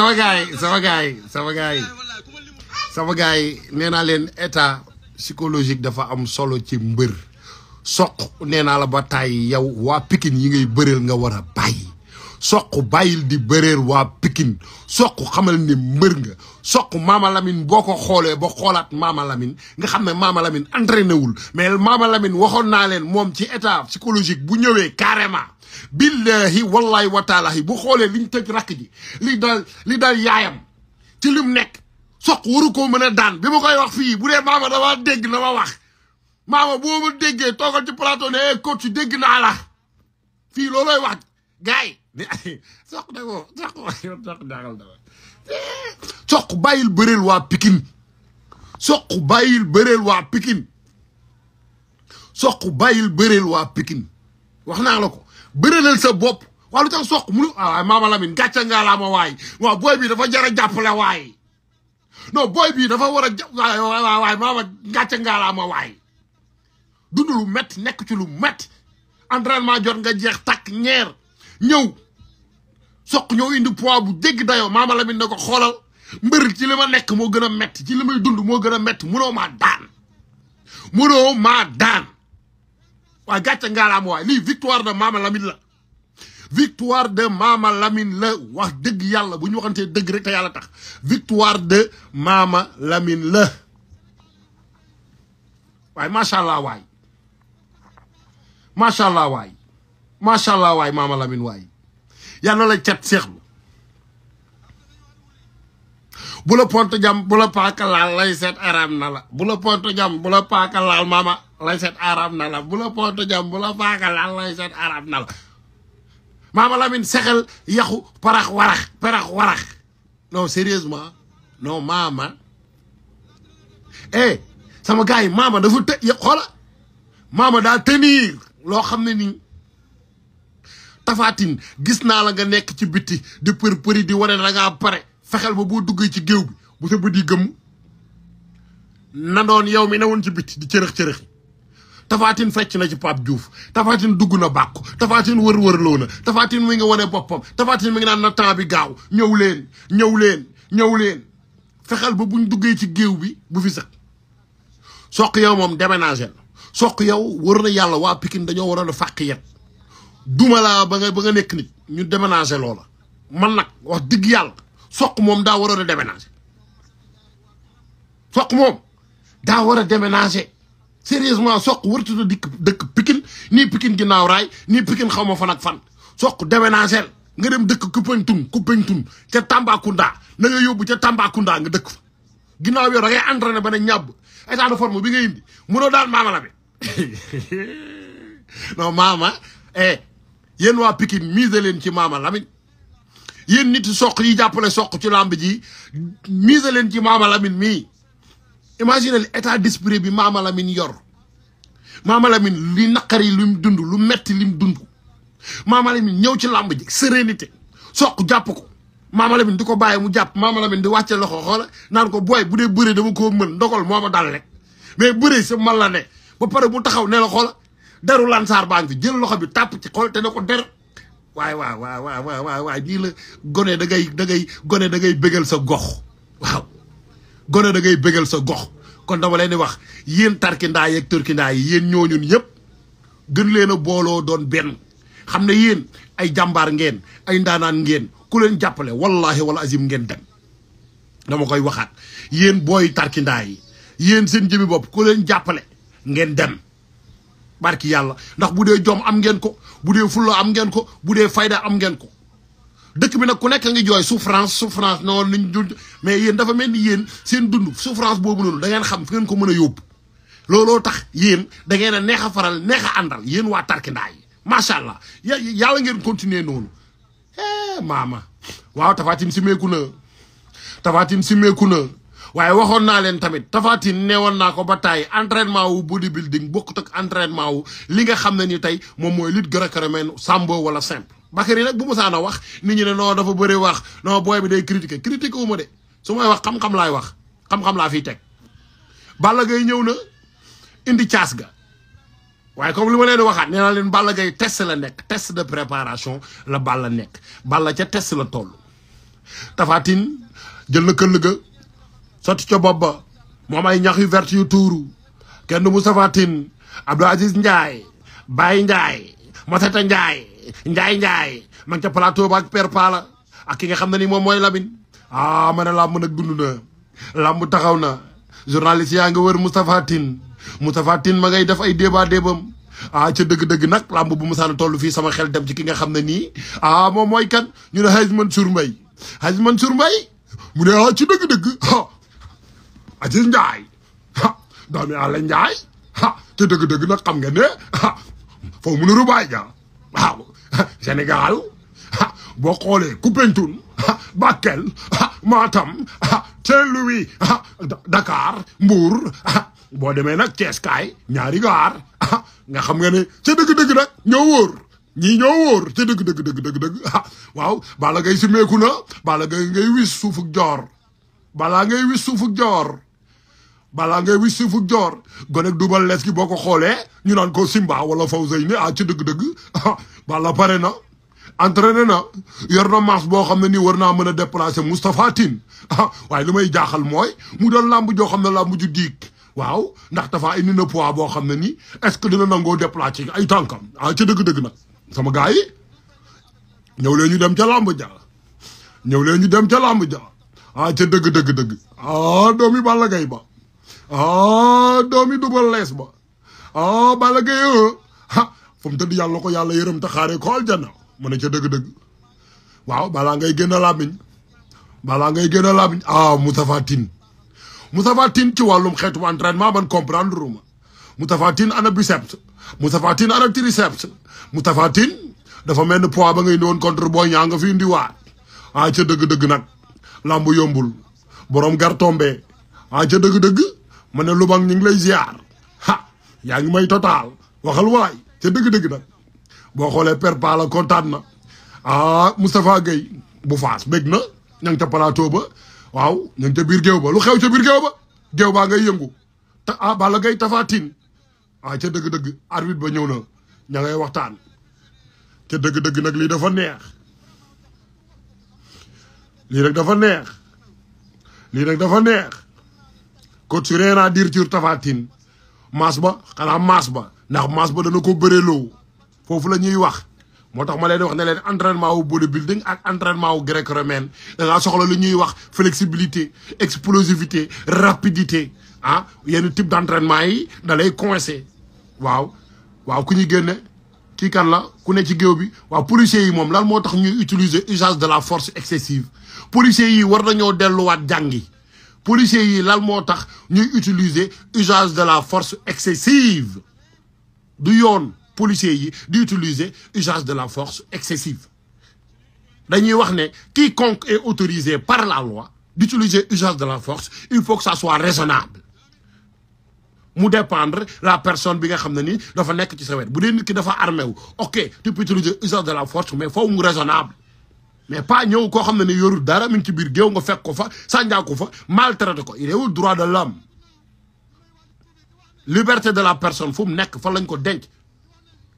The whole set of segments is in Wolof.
sama gaay sama gaay sama gaay sama gaay naa leen état psychologique dafa am solo ci mbër soq nee naa la ba tàyyi yow waa pikin yi ngay bëreel nga war a soq bàyyil di bëreer waa Pikine soq xamal ni mbër nga soq Maama Lamine boo ko xoolee bo xoolaat Maama Lamine nga xam ne Maama Lamine entraîné wul mais Maama Lamine waxoon naa leen moom ci état psychologique bu ñëwee carrément billahi wallahi wa taalahi bu xoolee liñ tëj rakk ji li daal li daal yaayam ci lim nekk soq waru koo mën a daan bi ma koy wax fii bu dee maama dama dégg na wa wax maama boo ma déggee toogal ci plateau ne eh, coach dégg naa la fii loolooy wax gaay soq da ko soq soq soq bàyyil bëreel waa Pikine soq bàyyil bëreel waa Pikine soq bàyyil bëreel waa pikin wax naa la ko bëreelal sa bopp waaye lu tax soq munu ah Mama Lamine gàcce ngaa laa ma waay waaw booy bi dafa jar a jàppale waay non booy bi dafa war a jàpp waay waay waay maama gàcce ma waay dund lu métti nekk ci lu métti entraînement jot nga jeex takk ñeer ñëw soq ñoo indi poids bu jéggi dayoo maama Lamine ne ko xoolal mbër ci li ma nekk moo gën a metti ci li may dund moo gën a metti munoo maa daan munoo maa daan waaye gàcce waay lii victoire de maama Lamine la victoire de maama la wax dëgg yàlla bu ñu waxantee dëgg rek te yàlla tax victoire de maama la waaye macha waay macha allah waay macha allah waay maama Lamine waay yàlla la cat seexlu bu la pont jam bu la laal lay seet araam na la bu jam bu la laal la bu la pont jam la paaka laal lay seet araam na la maama sérieusement non maama eh sama gars maama dafa të xoola maama daa tenir loo xam ne nii tafaatin gis naa la nga nekk ci bitti di për përi di wane da ngaa pare fexeel ba boo duggee ci géew bi bu sa bët yi gëmm nandoon yow mi newoon ci bitti di cërëx-cërëxi tafaatin fecc na ci Pape Diouf dugg na bàkku tafaatin wër-wërloo na tafaatin mi nga wane boppam tafaatin mi ngi naan na temps bi gaaw ñëw leen ñëw leen ñëw leen fexeel ba buñ duggee ci géew bi bu fi sax soq yow moom déménagé soq yow wër na yàlla waa Pikine dañoo waroon a fàq yet duma laa ba nga ba nga nekk nit ñu déménager loola man nag wax dëgg yàlla soq moom daa waroon a déménager soq moom daa war a déménager sérieusement soq waratuta dikk dëkk Pikine nii Pikine ginnaaw raay nii Pikine xaw ma fan ak fan soq déménager nga dem dëkk Koupentoum Koupentoum ca Tambacounda na nga yóbbu ca Tambacounda nga dëkk fa ginnaaw yow da ngay entraîné ba ne ñàbb état de forme bi nga indi mënoo daal maama la bi non maama eh, yéen waa Pikine mise leen ci Maama Lamine yéen nit soq yi jàppale soq ci làmb ji mise ci Maama Lamine mii imagine l'état d'esprit bi Maama Lamine yor Maama Lamine li naqari lim dund lu metti lim dund Maama Lamine ñëw ci làmb ji sérénité soq jàpp ko Maama Lamine di ko bàyyi mu jàpp Maama Lamine di wàcce loxo xoola naan ko booy bu dee bëree dama koo mën ndogal moo ma dal rek mais bëree sa man ne ba pare bu taxaw ne la deru lansaar baa ngi fi jël loxo bi tàpp ci xol te ne ko der waay waay waay waay waay waay waay nii la gone da ngay gone da ngay bégal sa gox waaw gone da ngay bégal sa gox kon dama leen di wax yéen tarkindaa yeeg turkindaa yi yéen ñooñun yëpp gën leen a booloo doon benn xam ne yéen ay jàmbaar ngeen ay ndaanaan ngeen ku leen jàppale wallahi wala azim ngeen dem dama koy waxaat yéen booy tarkindaa yi yéen seen jëmi bopp ku leen jàppale ngeen dem barki yàlla ndax bu dee jom am ngeen ko bu dee fulla am ngeen ko bu dee fayda am ngeen ko dëkk bi nag ku nekk ngi jooy souffrance souffrance noonu liñ dund mais yéen dafa mel ni yéen seen dund souffrance boobu noonu da ngeen xam fi ngeen ko mën a yóbbu looloo tax yéen da ngeen a neex a faral neex a àndal yéen waa tarkindaa yi macha allah yàlla ngeen continuer noonu eh maama waaw Tapha Tine simeeku na Tapha Tine simeeku na waaye waxoon naa leen tamit tafatin neewoon naa ko ba taay entraînement wu bodybuilding bokkut ak entraînement wu li nga xam ne ni tey moom mooy lutte gréco-romaine sambo wala simple Bakary nag bu ma a wax ni ñi ne non dafa bëri wax non booy bi day critiquer critiquer wu ma de su may wax xam-xam laay wax xam-xam laa fi teg Balla gay ñëw na indi caas ga waaye comme li ma leen waxaat nee naa leen Balla gay test la nekk test de préparation la Balla nekk Balla ca test la toll Tapha Tine sotti ca bopp ba mu am ay ñax yu vert yu tuuru kenn du Moustapha Tine Abdou Aziz Ndiaye Baye Ndiaye Masata Ndiaye Ndiaye Ndiaye ma ngi ca plateau ba ak Père Pala ak ki nga xam ne ni moom mooy Lamine a ah, ma ne làmb nag dund na làmb taxaw na journaliste yaa nga wër Moustapha Tine Moustapha Tine ma ngay def ay débat débam ah ca dëgg-dëgg nag lamb bu Moussa toll fii sama xel dem ci ki nga xam ne nii a ah, moom mooy kan ñu ne Hadj Mansour Mbaye Hadj Mansour Mbaye mu ne ah ci dëgg-dëgg Aziz Ndiaye ah doomi Alla Ndiaye ah te dëgg-dëgg nag xam nga ne foo mu nuru baay waaw Sénégal boo xoolee Koupentoum Bakel Matam Saint-Louis Dakar Mbour boo demee nag Thiès kaay ñaari gaar nga xam nga ne ca dëgg-dëgg nag ñoo wóor ñii ñoo wóor ca dëgg dëgg dëgg dëgg dëgg waaw bala ngay simeeku na bala ngay wis suufuk joor bala ngay wis suufuk joor balaa ngay wis si joor gonek dubal lees gi boo ko xoolee ñu naan ko Simba wala Fawzeyni ah ci dëgg-dëgg bala pare na entraîné na yor na maas boo xam ne ni war naa mën a déplacer Moustapha Tine ah waaye li may jaaxal mooy mu doon làmb joo xam ne làmb ju diig waaw ndax dafa indi na poids boo xam ne nii est-ce que dina nangoo déplacer ay tànkam ah ci dëgg-dëgg nag sama gars yi ñëw leen ñu dem ca làmb ja ñëw leen ñu dem ca làmb ja ah ca dëgg-dëgg-dëgg ah doomi Balla ah doomi dubal lees ba ah Balla Gaye ah fu mu tëdd yàlla ko yàlla yërëm te xaaree ko aljanna mu ne ca dëgg-dëgg waaw balaa ngay génn làmmiñ balaa ngay génn làmmiñ ah Moustapha Tine Moustapha Tine ci wàllum xeetu entraînement ban comprendre ruma Moustapha Tine ana mu Moustapha Tine ana triceps mu Tine dafa mel ni poids ba nga indi woon contre Boy Niang nga fi indiwaat ah ca dëgg-dëgg nag làmb yombul borom gar tombé ah ca dëgg-dëgg. ma ne Lubang ñu ngi lay ziar ha yaa ngi may total waxal waay ca dëgg-dëgg nag boo xoolee per Pala kontaan na ah Moustapha Gueye bu faas bég na ña ngi ca plateau ba waaw ña ngi ca biir géew ba lu xew ca biir géew ba géew baa ngay yëngu te ah Balla tafaatin ah ca dëgg-dëgg arbitre ba ñëw na ña ngay waxtaan ca dëgg-dëgg nag lii dafa neex lii nag dafa neex lii nag dafa neex coach su rien à dire sur maas ba xanaa maas ba ndax maas ba dana ko bëree loowu foofu la ñuy wax moo tax ma leen wax ne leen entraînement wu bodybuilding ak entraînement wu gréco-romaine da ngaa soxla lu ñuy wax flexibilité explosivité rapidité ah yenn type d' yi da lay coincé waaw waaw ku ñuy génne kii kan la ku ne ci géew bi waaw policiers yi moom lan moo tax ñuy utiliser usage de la force excessive policier yi war nañoo delluwaat jàngi policiers yi lan moo tax ñuy utiliser usage de la force excessive du yoon policiers yi di utiliser usage de la force excessive dañuy wax ne quiconque est autorisé par la loi d'utiliser usage de la force il faut que ça soit raisonnable mu dépendre la personne bi nga xam ne ni dafa nekk ci sa wet bu dee nit ki dafa armé wu ok tu peux utiliser usage de la force mais foofu mu raisonnable mais pas ñëw koo xam ne ne yorul dara mi ngi ci biir géew nga fekk ko fa sànjaa ko fa maltraité ko il est au droit de l'homme liberté de la personne fu mu nekk fa lañ ko denc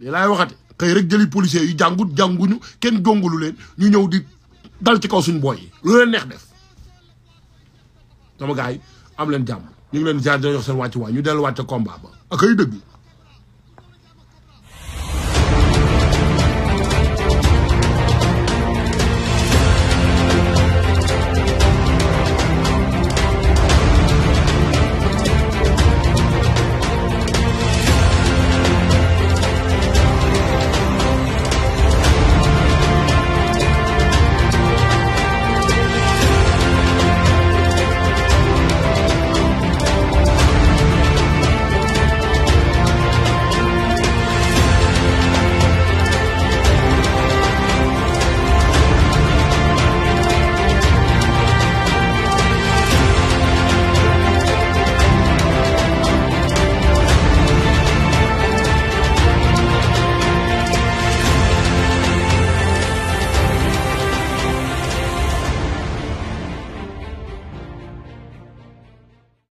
lii laay waxate xëy rek jëli policiers yu jàngut ñu kenn jongulu leen ñu ñëw di dal ci kaw suñ booy yi lu leen neex def sama gars yi am leen jàmm ñu ngi leen jaar jox seen wàcc waay ñu delluwaat ca combat ba ak ay dëgg